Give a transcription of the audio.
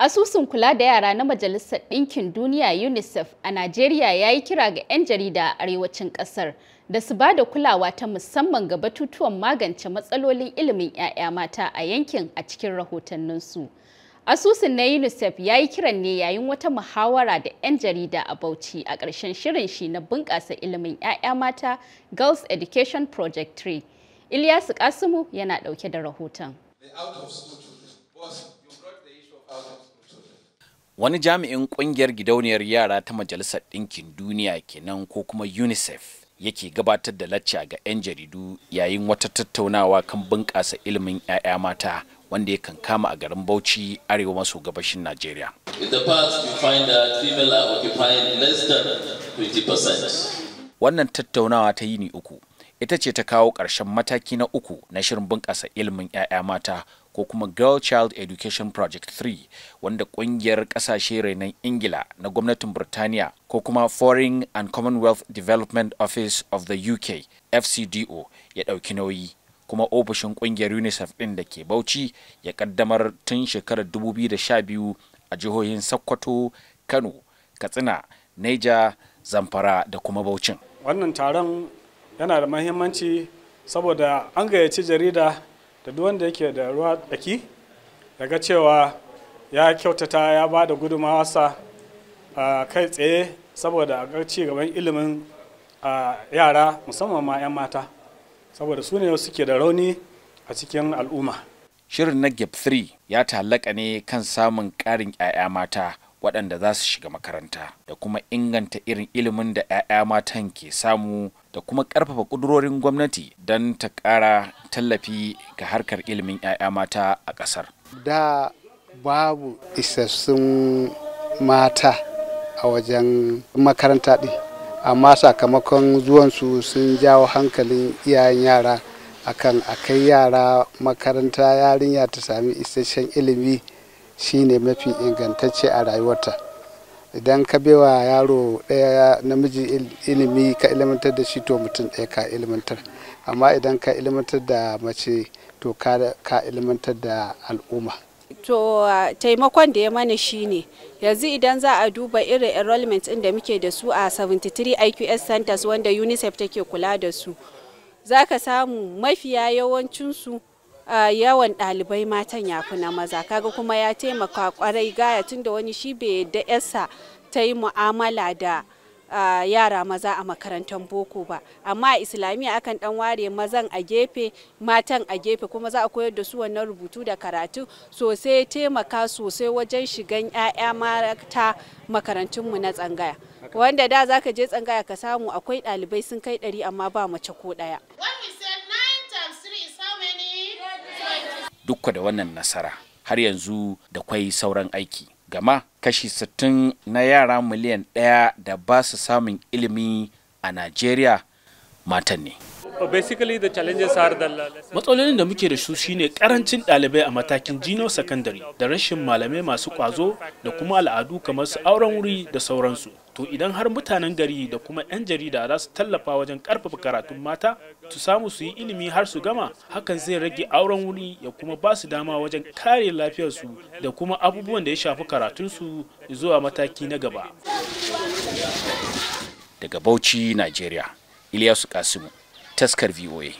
Asusun kula da yara na Majalisar Ɗinkin Duniya UNICEF a Najeriya ya yi kira ga 'yan jarida a arewacin ƙasar da su ba da kulawa ta musamman ga batutuwan magance matsalolin ilimin 'ya'ya mata a yankin a cikin rahotanninsu. Asusun na UNICEF ya yi kiran ne yayin wata muhawara da 'yan jarida a Bauchi a ƙarshen shirin shi na bunƙasa ilimin 'ya'ya mata Girls Education Project 3. Ilyasu Kasimu yana ɗauke da rahoton. wani jami'in kungiyar gidauniyar yara ta majalisar ɗinkin duniya kenan ko kuma unicef yake gabatar da lacca ga 'yan jaridu yayin wata tattaunawa kan bunƙasa ilimin 'ya'ya mata wanda ya kan kama a garin bauchi arewa maso gabashin najeriya wannan tattaunawa ta yini uku ita ce ta kawo ƙarshen mataki na uku na shirin bunƙasa ilimin 'ya'ya mata ko kuma girl child education project 3 wanda kungiyar kasashe renon ingila na gwamnatin burtaniya ko kuma foreign and commonwealth development office of the uk fcdo ya ɗauki nauyi kuma ofishin kungiyar unicef ɗin da ke bauchi ya kaddamar tun shekarar 2012 a jihohin sokoto kano katsina niger zamfara da kuma bauchin. wannan taron yana da mahimmanci saboda an gayyaci jarida da duk wanda yake da ruwa tsaki daga cewa ya kyautata ya ba da gudunmawarsa a kai tsaye saboda a ci gaban ilimin yara musamman ma 'yan mata saboda su ne suke da rauni a cikin al'umma shirin na gap 3 ya ta'allaka ne kan samun ƙarin 'ya'ya mata waɗanda za su shiga makaranta da kuma inganta irin ilimin da 'ya'ya matan ke samu da kuma ƙarfafa ƙudurorin gwamnati don ta ƙara tallafi ga harkar ilimin 'ya'ya mata a ƙasar. Da babu isassun mata a wajen makaranta ɗin, amma sakamakon zuwansu sun jawo hankalin iyayen yara akan a kai yara makaranta yarinya ta sami isasshen ilimi shine mafi ingantacce a rayuwarta. idan ka bewa yaro ɗaya namiji ilimi ka ilimantar da shi to mutum ɗaya ka ilimantar. amma idan ka ilimantar da mace to ka ilimantar da al'umma to taimakon da ya mana shi ne, yanzu idan za a duba irin enrollment ɗin da muke da su a 73 iqs centers wanda unicef take kula da su za ka samu mafiya yawancinsu Ah, yawan ɗalibai matan ya fi na maza kaga kuma ya taimaka kwarai gaya tun da wani shi bai yadda yarsa ta yi mu'amala da ah, yara maza a makarantar boko ba amma a islamiyya akan dan ware mazan a gefe matan a gefe kuma za a koyar da su wannan rubutu da karatu sosai taimaka sosai wajen shigan 'ya'ya mata makarantunmu na tsangaya wanda da za ka je tsangaya ka samu akwai ɗalibai sun kai ɗari amma ba mace ko ɗaya dukka da wannan nasara har yanzu da kwai sauran aiki gama kashi sittin na yara miliyan ɗaya da ba su samun ilimi a najeriya matan ne Matsalolin da muke da su shine karancin ɗalibai a matakin jino secondary da rashin malamai masu kwazo da kuma al'adu kamar su auren wuri da sauransu. To idan har mutanen gari da kuma 'yan jarida za su tallafa wajen karfafa karatun mata su samu su yi ilimi har su gama hakan zai rage auren wuri ya kuma ba su dama wajen kare lafiyarsu da kuma abubuwan da ya shafi karatunsu zuwa mataki na gaba. Daga Bauchi, nigeria Ilyasu Kasimu. taskar VOA.